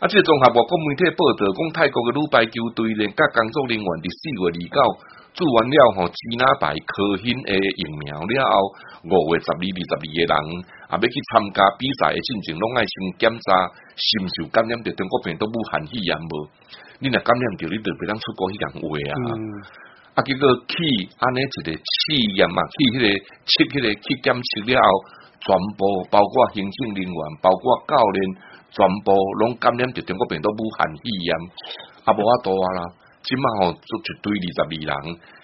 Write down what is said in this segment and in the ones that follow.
啊！即、這、綜、個、合外國媒體報道，講泰國嘅女排球隊連甲工作人員，佇四月二九做完了吼、哦，支那排科興嘅疫苗了後，五月十二、二十二嘅人啊，要去參加比賽嘅進程，攏愛先檢查，是毋是感染着中國病毒武漢肺炎無？你若感染着，你就袂當出國去講話啊！啊，結果去安尼一個試驗嘛，去迄、那個去迄、那個去、那個、檢測了後，全部包括行政人員，包括教練。全部攏感染，著中國病毒武漢肺炎啊，無法度啊啦！即晚吼做絕對二十二人，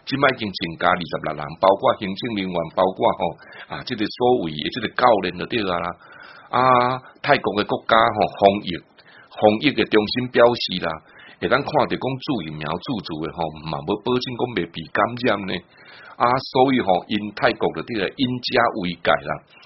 即晚已經增加二十六人，包括行政人員，包括吼啊，即、啊這個所謂誒，即個教練著就啊啦。啊，泰國誒國家吼防疫，防疫誒中心表示啦，會、啊、咱看着講注入苗注入誒吼，嘛無、啊、保證講袂被感染呢？啊，所以吼因、啊、泰國著啲嘅因家為戒啦。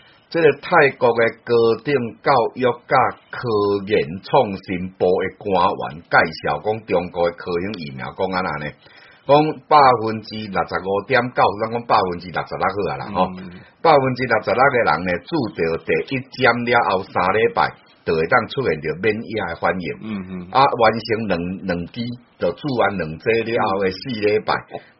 這個泰國嘅高等教育加科研創新部嘅官員介紹，講中國嘅科研疫苗講安那呢？講百分之六十五點九，咱講百分之六十六個人，吼、嗯，百分之六十六個人呢，注射第一針了後三禮拜就會當出現就免疫嘅反應，啊，完成兩兩劑，就注完兩劑了後嘅四禮拜。嗯嗯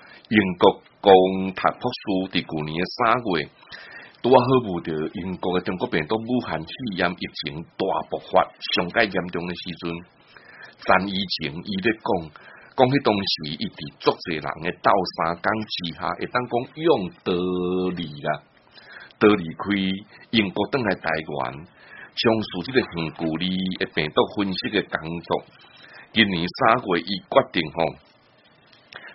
英國剛踏復甦的舊年三月，都還好不到。英國嘅中國病毒武漢肺炎疫情大爆發，上較嚴重嘅時陣，陳醫生伊咧講，講起當時伊哋足儕人嘅刀山敢下，會當講用得離啦，得離開英國等來台灣，從事己個數據咧一病毒分析嘅工作，今年三月伊決定吼。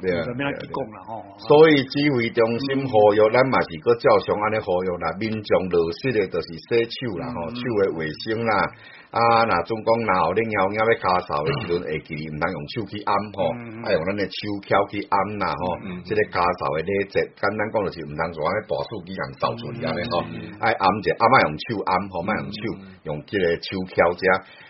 對啊、哦，所以指揮中心呼籲、嗯嗯？咱嘛是擱照常安尼呼籲啦？民眾落實誒著是洗手啦，吼、嗯嗯，手誒衛生啦。啊，若總講拿後邊後啱啲咳嗽誒，時、嗯、陣，誒，會記毋通用手去按吼。愛、嗯嗯、用咱誒手敲去按啦吼。即個咳嗽誒，啲、啊、只，簡單講著是毋通能做啲大數據人搜出嚟啊，吼、嗯嗯。誒，按者，啊，莫用手按，吼，莫、嗯嗯、用手？用即個手敲啫。